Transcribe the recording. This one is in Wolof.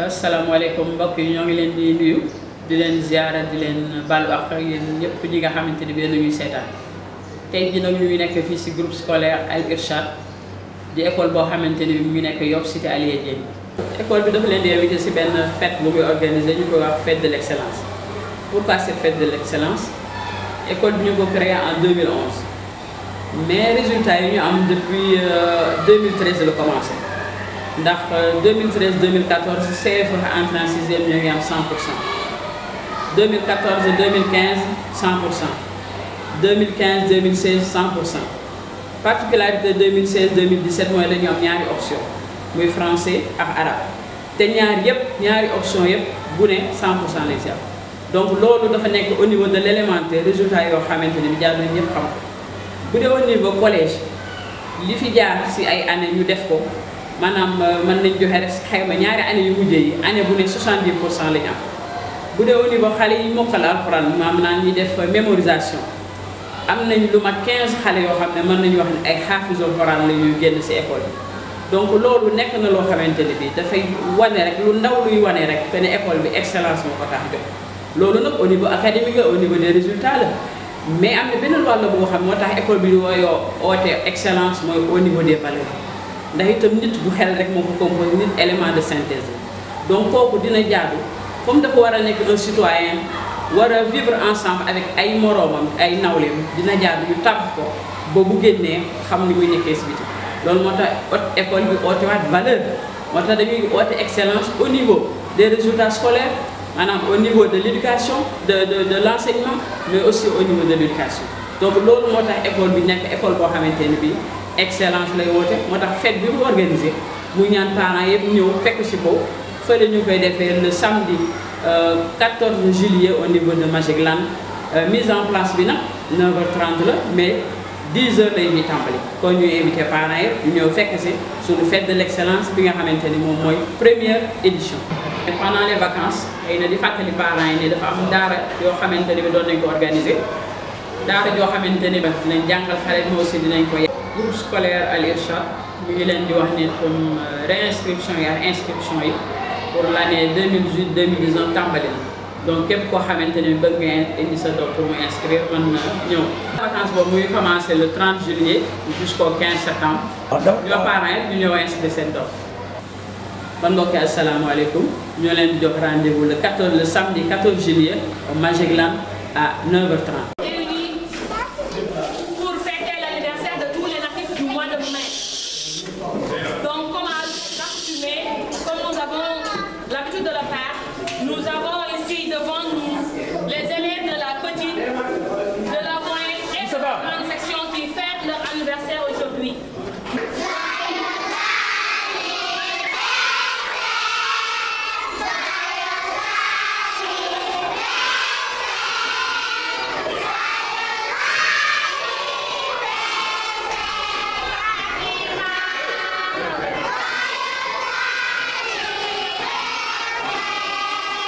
assalamu euh, alaykum mbokk yi ñoo ngi leen di nuyu di leen ziara di leen baalu ak yéen ñëpp ñi nga xamante ni benn ñuy seetaan tey jii nag ñu nekk fii si groupe scolaire Al Irshad di école boo xamante ni mu nekk Yoff cité Alia Dieng école bi dafa leen di invité si benn fête bu muy organiser ñu koy wax fête de l' excellence pourquoi cette fête de l' excellence école bi ñu ko créé en 2011 mais résultat yi ñu am depuis 2013 euh, la commencé. Euh, en 2013 2014 CFA entré en 6e, ngi am 100 2014 2015 100 2015 2016 100 En 2016 2017 nous avons am option muy français et arabe Arabes. Nous avons une option yëpp bu 100 les gens donc nous dafa au niveau de l'élémentaire élémentaire résultat est xamante nous au niveau collège li fi jaar si ay année ñu def maanaam euh, mën nañ joxe rek xayma ñaari année yu mujjee yi année bu ne 70 pour cent la ñu am bu dee au niveau xale yi mokkal alxuraan maam naan ñi def mémorisation am nañ lu mat quinze xale yoo xam ne mën nañu wax ne ay xaafisul xuraan la ñuy génn si école yi donc loolu nekk na loo xamante ne bii dafay wane rek lu ndaw luy wane rek que ne école bi excellence moo ko tax jox loolu nag au niveau académique la au niveau des résultat la mais am na beneen wàll boo xam moo tax école bi wooyoo oote excellence mooy au niveau des valeurs ndax itam nit bu xel rek ko composé nit élément de synthèse donc pour dina jaadu comme dafa war a un citoyen wara vivre ensemble avec ay moroomam ay nawlem dina jaadu ñu tàgg ko bo bu génnee xam ni muy nekkee si biti loolu école bi haute valeur motax tax dañuy haute excellence au niveau des résultats scolaires manam au niveau de l'éducation de de de l'enseignement mais aussi au niveau de l'éducation donc lool motax école bi nek école bo xamante bi excellence lay woote motax fête bi mu organisé mu ñaan parents yépp ñëw fekk ci ko fële ñu koy defee le samedi 14 euh, juillet au niveau de Magic Land euh, mise en place bi nak 9h30 la mais 10h lay ñuy tàmbali kon ñu invité parents yépp ñëw fekk ci suñu fête de l'excellence bi nga xamante ni moy première édition. pendant les vacances xëy na di fatali parents yi ne dafa am dara yo xamante bi doon nañ ko organiser dara joo xamante ba dinañ jàngal xale bi aussi dinañ ko groupe scolaire à l'Irsha, nous avons une di euh, réinscription et l'inscription inscription pour l'année 2008 2018 2019 donc nous koo xamante ne réinscription pour nous inscrire mën en vacance va commencer le 30 juillet jusqu'au 15 septembre. Ah, nous ah. parents nous ñu inscrire seen doom. kon mbokk yi asalaamaaleykum rendez-vous le samedi 14 juillet au Magic à 9h30. avons l'habitude de le faire.